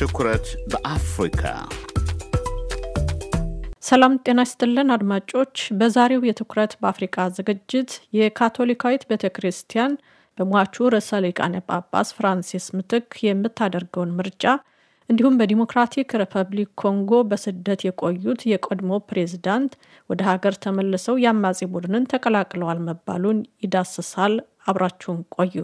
ትኩረት በአፍሪካ ሰላም ጤና ይስጥልን አድማጮች። በዛሬው የትኩረት በአፍሪካ ዝግጅት የካቶሊካዊት ቤተ ክርስቲያን በሟቹ ርዕሰ ሊቃነ ጳጳስ ፍራንሲስ ምትክ የምታደርገውን ምርጫ እንዲሁም በዲሞክራቲክ ሪፐብሊክ ኮንጎ በስደት የቆዩት የቀድሞ ፕሬዝዳንት ወደ ሀገር ተመልሰው የአማጺ ቡድንን ተቀላቅለዋል መባሉን ይዳስሳል። አብራችሁን ቆዩ።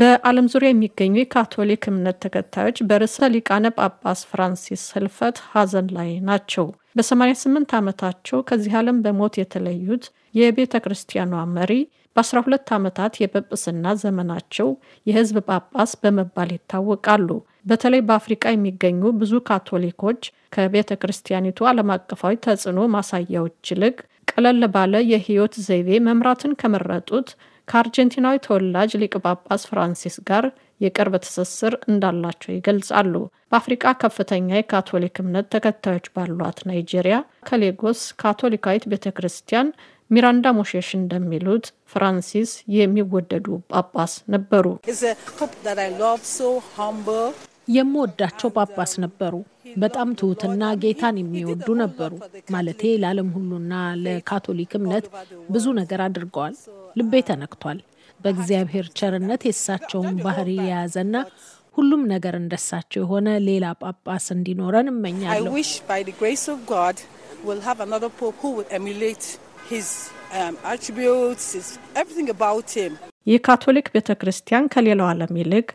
በዓለም ዙሪያ የሚገኙ የካቶሊክ እምነት ተከታዮች በርዕሰ ሊቃነ ጳጳስ ፍራንሲስ ህልፈት ሀዘን ላይ ናቸው። በ88 ዓመታቸው ከዚህ ዓለም በሞት የተለዩት የቤተ ክርስቲያኗ መሪ በ12 ዓመታት የጵጵስና ዘመናቸው የህዝብ ጳጳስ በመባል ይታወቃሉ። በተለይ በአፍሪቃ የሚገኙ ብዙ ካቶሊኮች ከቤተ ክርስቲያኒቱ ዓለም አቀፋዊ ተጽዕኖ ማሳያዎች ይልቅ ቀለል ባለ የህይወት ዘይቤ መምራትን ከመረጡት ከአርጀንቲናዊ ተወላጅ ሊቅ ጳጳስ ፍራንሲስ ጋር የቅርብ ትስስር እንዳላቸው ይገልጻሉ። በአፍሪቃ ከፍተኛ የካቶሊክ እምነት ተከታዮች ባሏት ናይጄሪያ ከሌጎስ ካቶሊካዊት ቤተ ክርስቲያን ሚራንዳ ሞሼሽ እንደሚሉት ፍራንሲስ የሚወደዱ ጳጳስ ነበሩ። የምወዳቸው ጳጳስ ነበሩ። በጣም ትሁትና ጌታን የሚወዱ ነበሩ። ማለቴ ለዓለም ሁሉና ለካቶሊክ እምነት ብዙ ነገር አድርገዋል። ልቤ ተነክቷል። በእግዚአብሔር ቸርነት የእሳቸውን ባህሪ የያዘና ሁሉም ነገር እንደሳቸው የሆነ ሌላ ጳጳስ እንዲኖረን እመኛለሁ። um, የካቶሊክ ቤተ ክርስቲያን ከሌላው ዓለም ይልቅ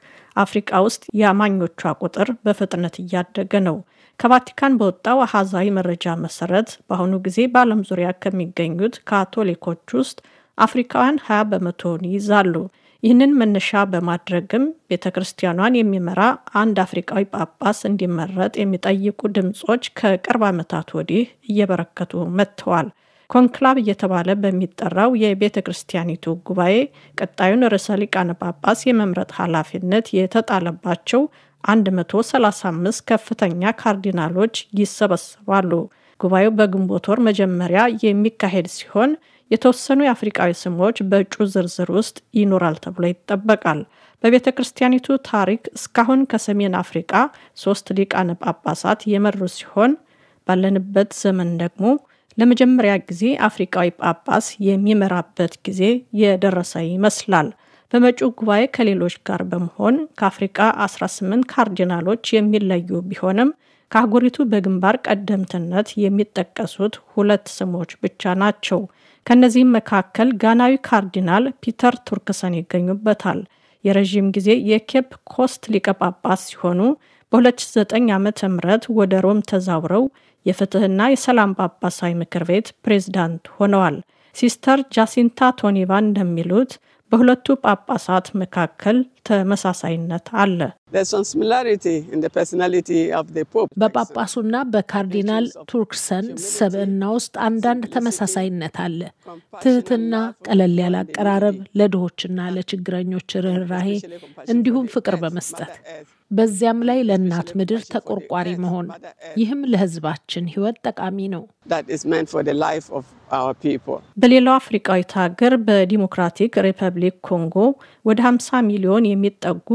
አፍሪቃ ውስጥ የአማኞቿ ቁጥር በፍጥነት እያደገ ነው። ከቫቲካን በወጣው አሃዛዊ መረጃ መሰረት በአሁኑ ጊዜ በዓለም ዙሪያ ከሚገኙት ካቶሊኮች ውስጥ አፍሪካውያን 20 በመቶውን ይይዛሉ። ይህንን መነሻ በማድረግም ቤተ ክርስቲያኗን የሚመራ አንድ አፍሪቃዊ ጳጳስ እንዲመረጥ የሚጠይቁ ድምፆች ከቅርብ ዓመታት ወዲህ እየበረከቱ መጥተዋል። ኮንክላብ እየተባለ በሚጠራው የቤተ ክርስቲያኒቱ ጉባኤ ቀጣዩን ርዕሰ ሊቃነ ጳጳስ የመምረጥ ኃላፊነት የተጣለባቸው 135 ከፍተኛ ካርዲናሎች ይሰበሰባሉ። ጉባኤው በግንቦት ወር መጀመሪያ የሚካሄድ ሲሆን የተወሰኑ የአፍሪቃዊ ስሞች በእጩ ዝርዝር ውስጥ ይኖራል ተብሎ ይጠበቃል። በቤተ ክርስቲያኒቱ ታሪክ እስካሁን ከሰሜን አፍሪቃ ሶስት ሊቃነ ጳጳሳት የመሩ ሲሆን ባለንበት ዘመን ደግሞ ለመጀመሪያ ጊዜ አፍሪቃዊ ጳጳስ የሚመራበት ጊዜ የደረሰ ይመስላል። በመጪው ጉባኤ ከሌሎች ጋር በመሆን ከአፍሪቃ 18 ካርዲናሎች የሚለዩ ቢሆንም ከአህጉሪቱ በግንባር ቀደምትነት የሚጠቀሱት ሁለት ስሞች ብቻ ናቸው። ከእነዚህም መካከል ጋናዊ ካርዲናል ፒተር ቱርክሰን ይገኙበታል። የረዥም ጊዜ የኬፕ ኮስት ሊቀ ጳጳስ ሲሆኑ በ2009 ዓ ም ወደ ሮም ተዛውረው የፍትህና የሰላም ጳጳሳዊ ምክር ቤት ፕሬዝዳንት ሆነዋል። ሲስተር ጃሲንታ ቶኒቫ እንደሚሉት በሁለቱ ጳጳሳት መካከል ተመሳሳይነት አለ። በጳጳሱና በካርዲናል ቱርክሰን ሰብዕና ውስጥ አንዳንድ ተመሳሳይነት አለ። ትህትና፣ ቀለል ያለ አቀራረብ፣ ለድሆችና ለችግረኞች ርኅራሄ እንዲሁም ፍቅር በመስጠት በዚያም ላይ ለእናት ምድር ተቆርቋሪ መሆን። ይህም ለሕዝባችን ሕይወት ጠቃሚ ነው። በሌላው አፍሪቃዊት ሀገር በዲሞክራቲክ ሪፐብሊክ ኮንጎ ወደ 50 ሚሊዮን የሚጠጉ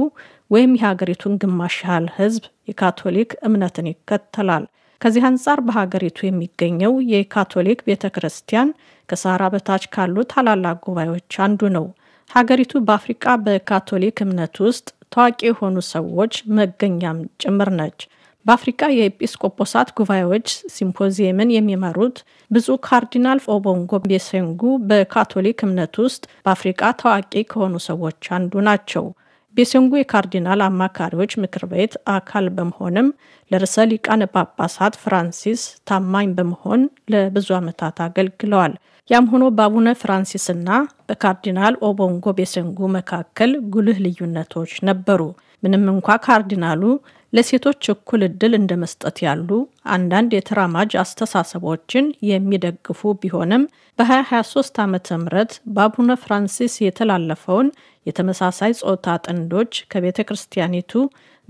ወይም የሀገሪቱን ግማሽ ያህል ህዝብ የካቶሊክ እምነትን ይከተላል። ከዚህ አንጻር በሀገሪቱ የሚገኘው የካቶሊክ ቤተ ክርስቲያን ከሳራ በታች ካሉ ታላላቅ ጉባኤዎች አንዱ ነው። ሀገሪቱ በአፍሪቃ በካቶሊክ እምነት ውስጥ ታዋቂ የሆኑ ሰዎች መገኛም ጭምር ነች። በአፍሪካ የኤጲስቆጶሳት ጉባኤዎች ሲምፖዚየምን የሚመሩት ብዙ ካርዲናል ኦቦንጎ ቤሴንጉ በካቶሊክ እምነት ውስጥ በአፍሪቃ ታዋቂ ከሆኑ ሰዎች አንዱ ናቸው። ቤሴንጉ የካርዲናል አማካሪዎች ምክር ቤት አካል በመሆንም ለርዕሰ ሊቃነ ጳጳሳት ፍራንሲስ ታማኝ በመሆን ለብዙ ዓመታት አገልግለዋል። ያም ሆኖ በአቡነ ፍራንሲስና በካርዲናል ኦቦንጎ ቤሴንጉ መካከል ጉልህ ልዩነቶች ነበሩ። ምንም እንኳ ካርዲናሉ ለሴቶች እኩል እድል እንደ መስጠት ያሉ አንዳንድ የተራማጅ አስተሳሰቦችን የሚደግፉ ቢሆንም በ2023 ዓ ም በአቡነ ፍራንሲስ የተላለፈውን የተመሳሳይ ጾታ ጥንዶች ከቤተ ክርስቲያኒቱ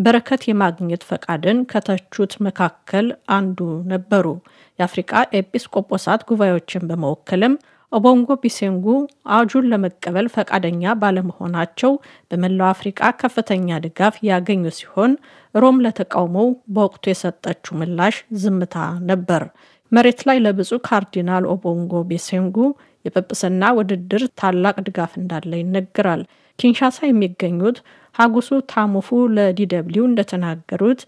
በረከት የማግኘት ፈቃድን ከተቹት መካከል አንዱ ነበሩ። የአፍሪቃ ኤጲስቆጶሳት ጉባኤዎችን በመወከልም ኦቦንጎ ቢሴንጉ አዋጁን ለመቀበል ፈቃደኛ ባለመሆናቸው በመላው አፍሪቃ ከፍተኛ ድጋፍ ያገኙ ሲሆን ሮም ለተቃውሞው በወቅቱ የሰጠችው ምላሽ ዝምታ ነበር። መሬት ላይ ለብፁ ካርዲናል ኦቦንጎ ቢሴንጉ የጵጵስና ውድድር ታላቅ ድጋፍ እንዳለ ይነገራል። ኪንሻሳ የሚገኙት ሀጉሱ ታሙፉ ለዲደብሊው እንደተናገሩት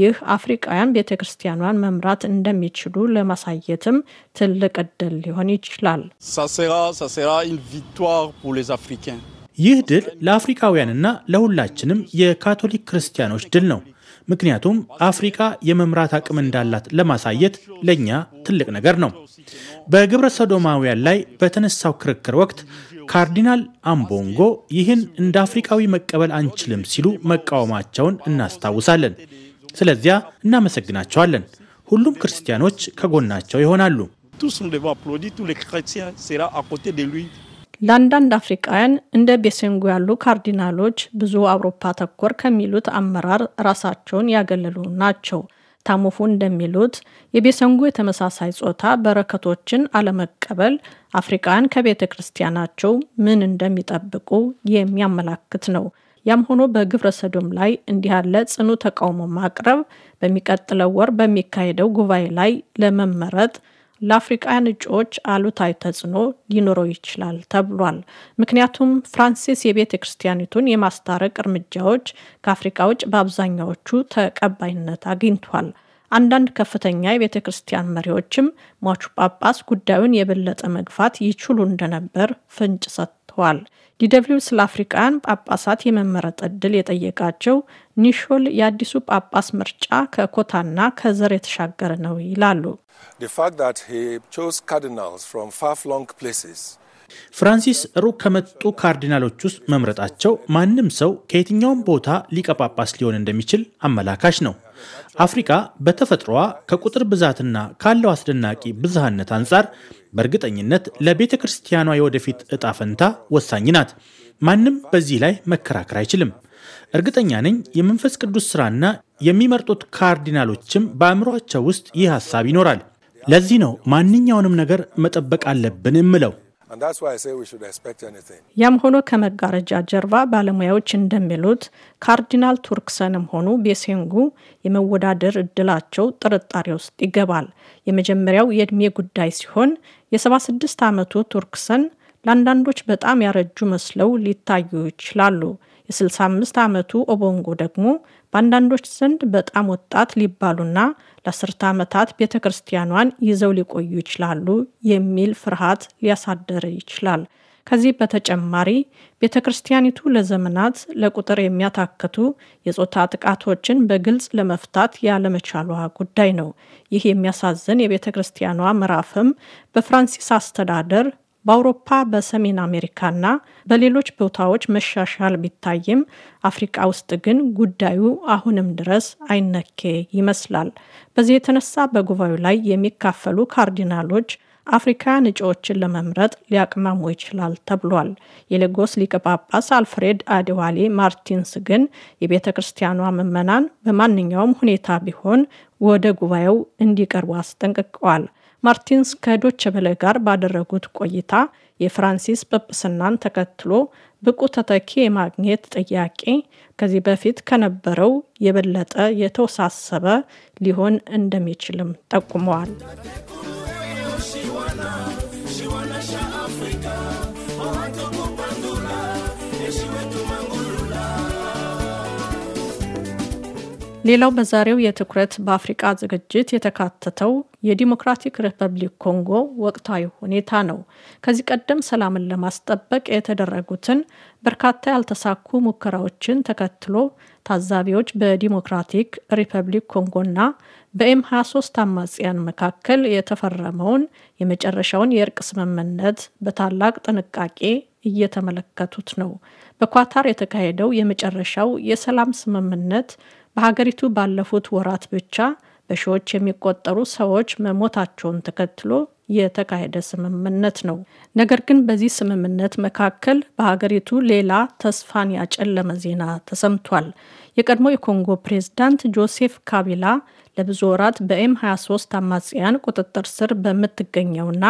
ይህ አፍሪቃውያን ቤተ ክርስቲያኗን መምራት እንደሚችሉ ለማሳየትም ትልቅ እድል ሊሆን ይችላል። ይህ ድል ለአፍሪካውያንና ለሁላችንም የካቶሊክ ክርስቲያኖች ድል ነው። ምክንያቱም አፍሪካ የመምራት አቅም እንዳላት ለማሳየት ለእኛ ትልቅ ነገር ነው። በግብረ ሰዶማውያን ላይ በተነሳው ክርክር ወቅት ካርዲናል አምቦንጎ ይህን እንደ አፍሪካዊ መቀበል አንችልም ሲሉ መቃወማቸውን እናስታውሳለን። ስለዚያ እናመሰግናቸዋለን። ሁሉም ክርስቲያኖች ከጎናቸው ይሆናሉ። ለአንዳንድ አፍሪቃውያን እንደ ቤሴንጉ ያሉ ካርዲናሎች ብዙ አውሮፓ ተኮር ከሚሉት አመራር ራሳቸውን ያገለሉ ናቸው። ታሙፉ እንደሚሉት የቤሰንጉ የተመሳሳይ ጾታ በረከቶችን አለመቀበል አፍሪቃውያን ከቤተ ክርስቲያናቸው ምን እንደሚጠብቁ የሚያመላክት ነው። ያም ሆኖ በግብረ ሰዶም ላይ እንዲህ ያለ ጽኑ ተቃውሞ ማቅረብ በሚቀጥለው ወር በሚካሄደው ጉባኤ ላይ ለመመረጥ ለአፍሪቃውያን እጩዎች አሉታዊ ተጽዕኖ ሊኖረው ይችላል ተብሏል። ምክንያቱም ፍራንሲስ የቤተ ክርስቲያኒቱን የማስታረቅ እርምጃዎች ከአፍሪቃ ውጭ በአብዛኛዎቹ ተቀባይነት አግኝቷል። አንዳንድ ከፍተኛ የቤተ ክርስቲያን መሪዎችም ሟቹ ጳጳስ ጉዳዩን የበለጠ መግፋት ይችሉ እንደነበር ፍንጭ ሰጥተዋል። ዲደብሊው ስለ አፍሪቃን ጳጳሳት የመመረጥ እድል የጠየቃቸው ኒሾል የአዲሱ ጳጳስ ምርጫ ከኮታና ከዘር የተሻገረ ነው ይላሉ። ፍራንሲስ ሩቅ ከመጡ ካርዲናሎች ውስጥ መምረጣቸው ማንም ሰው ከየትኛውም ቦታ ሊቀ ጳጳስ ሊሆን እንደሚችል አመላካሽ ነው። አፍሪካ በተፈጥሯ ከቁጥር ብዛትና ካለው አስደናቂ ብዝሃነት አንጻር በእርግጠኝነት ለቤተ ክርስቲያኗ የወደፊት እጣ ፈንታ ወሳኝ ናት። ማንም በዚህ ላይ መከራከር አይችልም። እርግጠኛ ነኝ የመንፈስ ቅዱስ ሥራና የሚመርጡት ካርዲናሎችም በአእምሯቸው ውስጥ ይህ ሐሳብ ይኖራል። ለዚህ ነው ማንኛውንም ነገር መጠበቅ አለብን የምለው። ያም ሆኖ ከመጋረጃ ጀርባ ባለሙያዎች እንደሚሉት ካርዲናል ቱርክሰንም ሆኑ ቤሴንጉ የመወዳደር እድላቸው ጥርጣሬ ውስጥ ይገባል። የመጀመሪያው የእድሜ ጉዳይ ሲሆን የ76 ዓመቱ ቱርክሰን ለአንዳንዶች በጣም ያረጁ መስለው ሊታዩ ይችላሉ። የ65 ዓመቱ ኦቦንጎ ደግሞ በአንዳንዶች ዘንድ በጣም ወጣት ሊባሉና ለአስርተ ዓመታት ቤተ ክርስቲያኗን ይዘው ሊቆዩ ይችላሉ የሚል ፍርሃት ሊያሳደር ይችላል። ከዚህ በተጨማሪ ቤተ ክርስቲያኒቱ ለዘመናት ለቁጥር የሚያታክቱ የጾታ ጥቃቶችን በግልጽ ለመፍታት ያለመቻሏ ጉዳይ ነው። ይህ የሚያሳዝን የቤተ ክርስቲያኗ ምዕራፍም በፍራንሲስ አስተዳደር በአውሮፓ በሰሜን አሜሪካና በሌሎች ቦታዎች መሻሻል ቢታይም አፍሪቃ ውስጥ ግን ጉዳዩ አሁንም ድረስ አይነኬ ይመስላል። በዚህ የተነሳ በጉባኤው ላይ የሚካፈሉ ካርዲናሎች አፍሪካውያን እጩዎችን ለመምረጥ ሊያቅማሙ ይችላል ተብሏል። የሌጎስ ሊቀ ጳጳስ አልፍሬድ አዴዋሌ ማርቲንስ ግን የቤተ ክርስቲያኗ ምዕመናን በማንኛውም ሁኔታ ቢሆን ወደ ጉባኤው እንዲቀርቡ አስጠንቅቀዋል። ማርቲንስ ከዶች ቨለ ጋር ባደረጉት ቆይታ የፍራንሲስ ጵጵስናን ተከትሎ ብቁ ተተኪ የማግኘት ጥያቄ ከዚህ በፊት ከነበረው የበለጠ የተወሳሰበ ሊሆን እንደሚችልም ጠቁመዋል። ሌላው በዛሬው የትኩረት በአፍሪቃ ዝግጅት የተካተተው የዲሞክራቲክ ሪፐብሊክ ኮንጎ ወቅታዊ ሁኔታ ነው። ከዚህ ቀደም ሰላምን ለማስጠበቅ የተደረጉትን በርካታ ያልተሳኩ ሙከራዎችን ተከትሎ ታዛቢዎች በዲሞክራቲክ ሪፐብሊክ ኮንጎና በኤም 23 አማጽያን መካከል የተፈረመውን የመጨረሻውን የእርቅ ስምምነት በታላቅ ጥንቃቄ እየተመለከቱት ነው። በኳታር የተካሄደው የመጨረሻው የሰላም ስምምነት በሀገሪቱ ባለፉት ወራት ብቻ በሺዎች የሚቆጠሩ ሰዎች መሞታቸውን ተከትሎ የተካሄደ ስምምነት ነው። ነገር ግን በዚህ ስምምነት መካከል በሀገሪቱ ሌላ ተስፋን ያጨለመ ዜና ተሰምቷል። የቀድሞ የኮንጎ ፕሬዝዳንት ጆሴፍ ካቢላ ለብዙ ወራት በኤም 23 አማጽያን ቁጥጥር ስር በምትገኘውና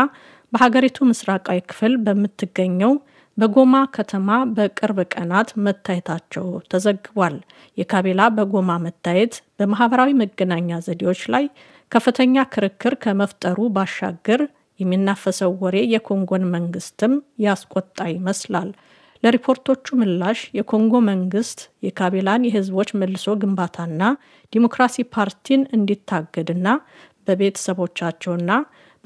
በሀገሪቱ ምስራቃዊ ክፍል በምትገኘው በጎማ ከተማ በቅርብ ቀናት መታየታቸው ተዘግቧል። የካቤላ በጎማ መታየት በማህበራዊ መገናኛ ዘዴዎች ላይ ከፍተኛ ክርክር ከመፍጠሩ ባሻገር የሚናፈሰው ወሬ የኮንጎን መንግስትም ያስቆጣ ይመስላል። ለሪፖርቶቹ ምላሽ የኮንጎ መንግስት የካቤላን የህዝቦች መልሶ ግንባታና ዲሞክራሲ ፓርቲን እንዲታገድና በቤተሰቦቻቸውና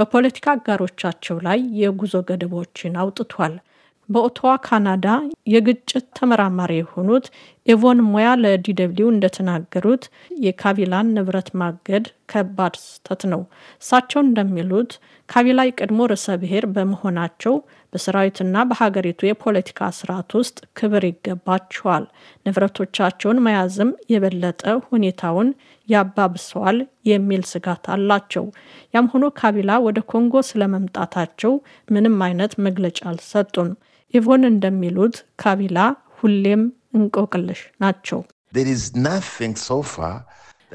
በፖለቲካ አጋሮቻቸው ላይ የጉዞ ገደቦችን አውጥቷል። በኦቶዋ ካናዳ የግጭት ተመራማሪ የሆኑት ኤቮን ሙያ ለዲደብሊው እንደተናገሩት የካቢላን ንብረት ማገድ ከባድ ስህተት ነው። እሳቸው እንደሚሉት ካቢላ የቀድሞ ርዕሰ ብሔር በመሆናቸው በሰራዊትና በሀገሪቱ የፖለቲካ ስርዓት ውስጥ ክብር ይገባቸዋል። ንብረቶቻቸውን መያዝም የበለጠ ሁኔታውን ያባብሰዋል የሚል ስጋት አላቸው። ያም ሆኖ ካቢላ ወደ ኮንጎ ስለመምጣታቸው ምንም አይነት መግለጫ አልሰጡም። ኢቮን እንደሚሉት ካቢላ ሁሌም እንቆቅልሽ ናቸው።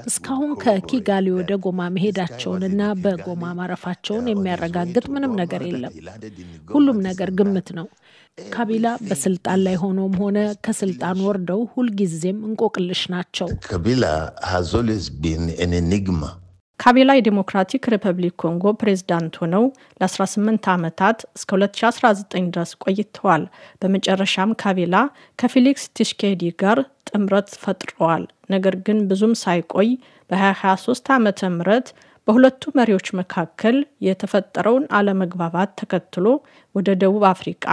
እስካሁን ከኪጋሊ ወደ ጎማ መሄዳቸውንና በጎማ ማረፋቸውን የሚያረጋግጥ ምንም ነገር የለም። ሁሉም ነገር ግምት ነው። ካቢላ በስልጣን ላይ ሆኖም ሆነ ከስልጣን ወርደው ሁልጊዜም እንቆቅልሽ ናቸው። ካቤላ የዴሞክራቲክ ሪፐብሊክ ኮንጎ ፕሬዝዳንት ሆነው ለ18 ዓመታት እስከ 2019 ድረስ ቆይተዋል። በመጨረሻም ካቤላ ከፊሊክስ ቲሽኬዲ ጋር ጥምረት ፈጥረዋል። ነገር ግን ብዙም ሳይቆይ በ2023 ዓ ም በሁለቱ መሪዎች መካከል የተፈጠረውን አለመግባባት ተከትሎ ወደ ደቡብ አፍሪቃ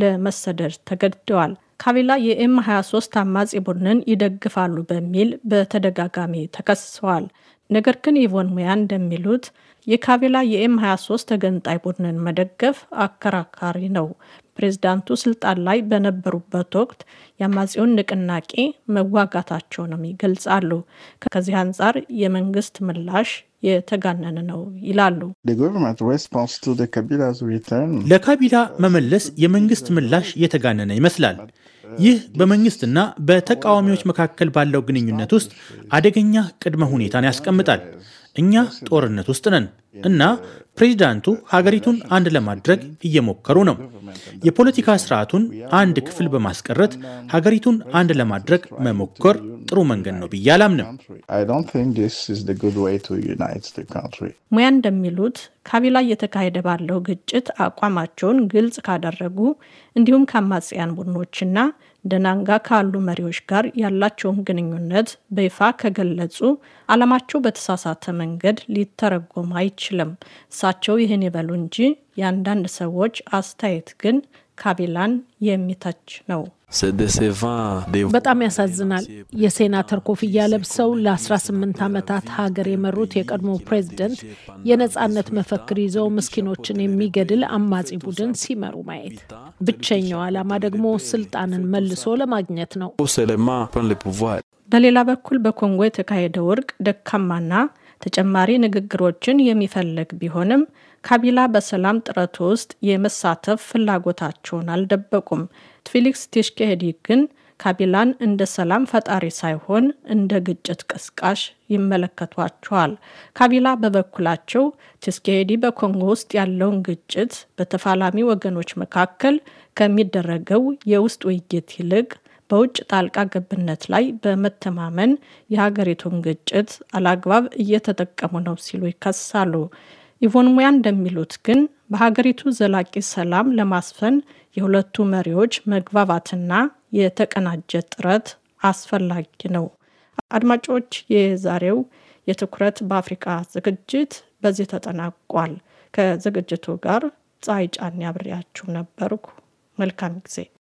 ለመሰደድ ተገድደዋል። ካቢላ የኤም 23 አማጺ ቡድንን ይደግፋሉ በሚል በተደጋጋሚ ተከስሰዋል። ነገር ግን ኢቮን ሙያ እንደሚሉት የካቢላ የኤም 23 ተገንጣይ ቡድንን መደገፍ አከራካሪ ነው። ፕሬዝዳንቱ ስልጣን ላይ በነበሩበት ወቅት የአማጺውን ንቅናቄ መዋጋታቸውንም ይገልጻሉ። ከዚህ አንጻር የመንግስት ምላሽ የተጋነነ ነው ይላሉ። ለካቢላ መመለስ የመንግስት ምላሽ የተጋነነ ይመስላል። ይህ በመንግስትና በተቃዋሚዎች መካከል ባለው ግንኙነት ውስጥ አደገኛ ቅድመ ሁኔታን ያስቀምጣል። እኛ ጦርነት ውስጥ ነን እና ፕሬዚዳንቱ ሀገሪቱን አንድ ለማድረግ እየሞከሩ ነው። የፖለቲካ ስርዓቱን አንድ ክፍል በማስቀረት ሀገሪቱን አንድ ለማድረግ መሞከር ጥሩ መንገድ ነው ብዬ አላምንም። ሙያ እንደሚሉት ካቢላ እየተካሄደ ባለው ግጭት አቋማቸውን ግልጽ ካደረጉ እንዲሁም ከአማጽያን ቡድኖችና ደናንጋ ካሉ መሪዎች ጋር ያላቸውን ግንኙነት በይፋ ከገለጹ ዓላማቸው በተሳሳተ መንገድ ሊተረጎም አይችልም። እሳቸው ይህን ይበሉ እንጂ የአንዳንድ ሰዎች አስተያየት ግን ካቢላን የሚታች ነው። በጣም ያሳዝናል። የሴናተር ኮፍያ ለብሰው ለ18 ዓመታት ሀገር የመሩት የቀድሞ ፕሬዝደንት የነፃነት መፈክር ይዘው ምስኪኖችን የሚገድል አማጺ ቡድን ሲመሩ ማየት፣ ብቸኛው ዓላማ ደግሞ ስልጣንን መልሶ ለማግኘት ነው። በሌላ በኩል በኮንጎ የተካሄደው እርቅ ደካማና ተጨማሪ ንግግሮችን የሚፈልግ ቢሆንም ካቢላ በሰላም ጥረቱ ውስጥ የመሳተፍ ፍላጎታቸውን አልደበቁም። አላውቁም። ፌሊክስ ቲሽኬሄዲ ግን ካቢላን እንደ ሰላም ፈጣሪ ሳይሆን እንደ ግጭት ቀስቃሽ ይመለከቷቸዋል። ካቢላ በበኩላቸው ቲስኬሄዲ በኮንጎ ውስጥ ያለውን ግጭት በተፋላሚ ወገኖች መካከል ከሚደረገው የውስጥ ውይይት ይልቅ በውጭ ጣልቃ ገብነት ላይ በመተማመን የሀገሪቱን ግጭት አላግባብ እየተጠቀሙ ነው ሲሉ ይከሳሉ። ኢቮን ሙያ እንደሚሉት ግን በሀገሪቱ ዘላቂ ሰላም ለማስፈን የሁለቱ መሪዎች መግባባትና የተቀናጀ ጥረት አስፈላጊ ነው። አድማጮች፣ የዛሬው የትኩረት በአፍሪካ ዝግጅት በዚህ ተጠናቋል። ከዝግጅቱ ጋር ፀሐይ ጫን ያብሬያችሁ ነበርኩ። መልካም ጊዜ